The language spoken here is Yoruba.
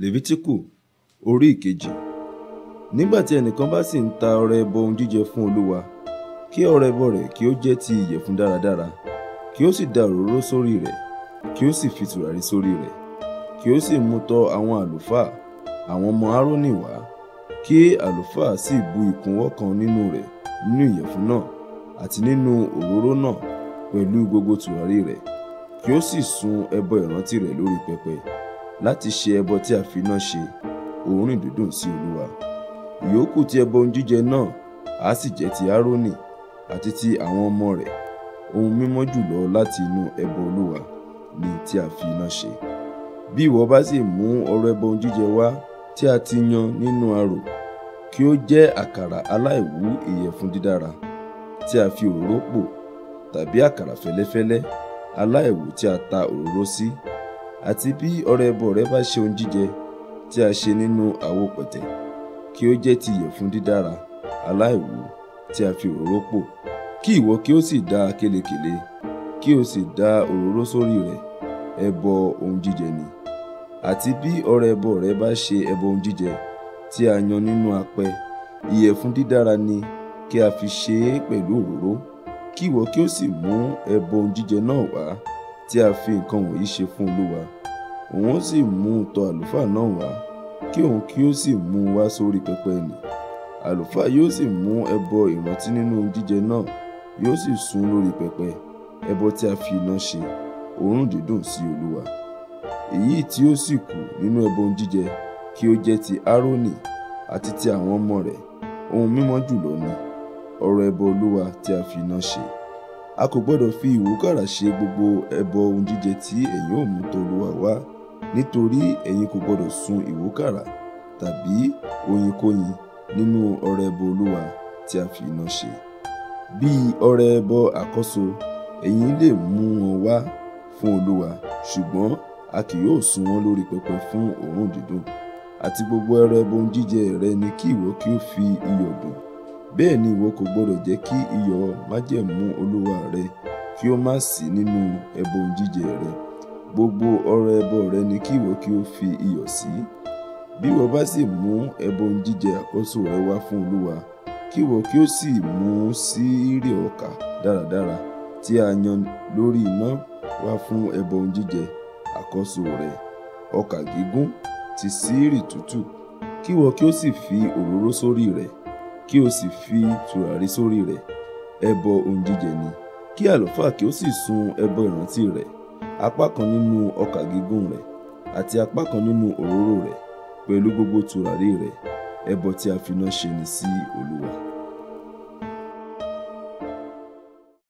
lèvítíkù orí ìkejì nígbà tí ẹnìkan bá sì ń ta ọrẹ ẹbọ ohun jíjẹ fún olúwa kí ọrẹ ẹbọ rẹ̀ kí ó jẹ́ ti ìyẹ̀fun dáradára kí ó sì da òróró sórí rẹ̀ kí ó sì fi tùràrí sórí rẹ̀ kí ó sì mú tọ̀ àwọn àlùfáà àwọn ọmọ árónì wá kí àlùfáà sì bu ìkúnwọ́ kan nínú rẹ̀ nínú ìyẹ̀fun náà àti nínú òróró náà pẹ̀lú gbogbo tùràrí rẹ̀ kí ó sì sun ẹbọ ìrántí rẹ̀ lórí pẹpẹ láti ṣe ẹbọ tí a fi iná ṣe òórùn dídùn sí olúwa ìyókù ti ẹbọ ohun jíjẹ náà á sì jẹ́ ti árónì àti ti àwọn ọmọ rẹ̀ ohun mímọ́ jùlọ láti inú ẹbọ olúwa ni tí a fi iná ṣe bí ìwọ bá sì mú ọrẹ ẹbọ ohun jíjẹ wá tí a ti yan nínú arò kí ó jẹ́ àkàrà aláìwú ìyẹ̀fun dídára tí a fi òróró pò tàbí àkàrà fẹ́lẹ́fẹ́lẹ́ aláìwú tí a ta òróró sí. Si àti bí ọrẹ ẹbọ rẹ bá ṣe ohun jíjẹ tí a ṣe nínú àwo pẹ̀tẹ̀ kí ó jẹ́ ti ìyẹ̀fun dídára aláìwú tí a fi òróró pò kí ìwọ kí ó sì dà kélekèle kí o sì dà òróró sórí rẹ̀ ẹbọ ohun jíjẹ ni àti bí ọrẹ ẹbọ rẹ bá ṣe ẹbọ ohun jíjẹ tí a yan nínú apẹ ìyẹ̀fun dídára ni kí a fi ṣe é pẹ̀lú òróró kí ìwọ kí o sì mú ẹbọ ohun jíjẹ náà wá tí a fi nǹkan wọ̀nyí ṣe fún Olúwa òun ó sì mú un tọ̀ àlùfáà náà wá kí òun kí ó sì mú un wá sórí pẹpẹ nì àlùfáà yóò sì mú ẹbọ ìrántí nínú jíjẹ náà yóò sì sun lórí pẹpẹ ẹbọ tí a fi iná ṣe òórùn dídùn sí olúwa èyí tí ó sì kù nínú ẹbọ jíjẹ kí ó jẹ́ ti aroni àti ti àwọn ọmọ rẹ̀ ohun mímọ́ jùlọ ni ọ̀rọ̀ ẹbọ olúwa tí a fi iná ṣe a kò gbọ́dọ̀ fi ìwúkàrà ṣe gbogbo ẹbọ ohun jíjẹ tí ẹ̀yin ò mú tolúwa wá nítorí ẹ̀yin kò gbọdọ̀ sun ìwúkàrà tàbí oyinkóyin nínú ọrẹ ẹbọ olúwa tí a fi iná ṣe bí ọrẹ ẹbọ àkọ́so ẹ̀yin lè mú wọn wá fún olúwa ṣùgbọ́n a kì yóò sun wọn lórí pẹpẹ fún òórùn dídùn àti gbogbo ẹrẹ ohun jíjẹ rẹ ni kí ìwọ kí ó fi iyọ̀ dùn bẹ́ẹ̀ ni ìwọ kò gbọdọ̀ jẹ́ kí iyọ̀ májẹ̀mú olúwa rẹ kí ó má sí nínú ẹbọ jíjẹ rẹ gbogbo ọrẹ ẹbọ rẹ ni kí ìwọ kí o fi iyọ̀ sí bí ìwọ bá sì mú ẹbọ ohun jíjẹ àkọ́so rẹ wá fún olúwa kí ìwọ kí o sì mú síírì ọkà dáradára tí a yan lórí iná wá fún ẹbọ jíjẹ àkọ́so rẹ ọkà gígún ti síírì tútù kí ìwọ kí o sì fi òróró sórí rẹ kí o sì fi tùràrí sórí rẹ ẹbọ ohun jíjẹ ni kí àlùfáà kí o sì sun ẹbọ ìrántí rẹ apá kan nínú ọkà gígùn rẹ̀ àti apá kan nínú òróró rẹ̀ pẹ̀lú gbogbo tùràrí rẹ̀ ẹbọ tí a finá ṣe ni sí olúwa.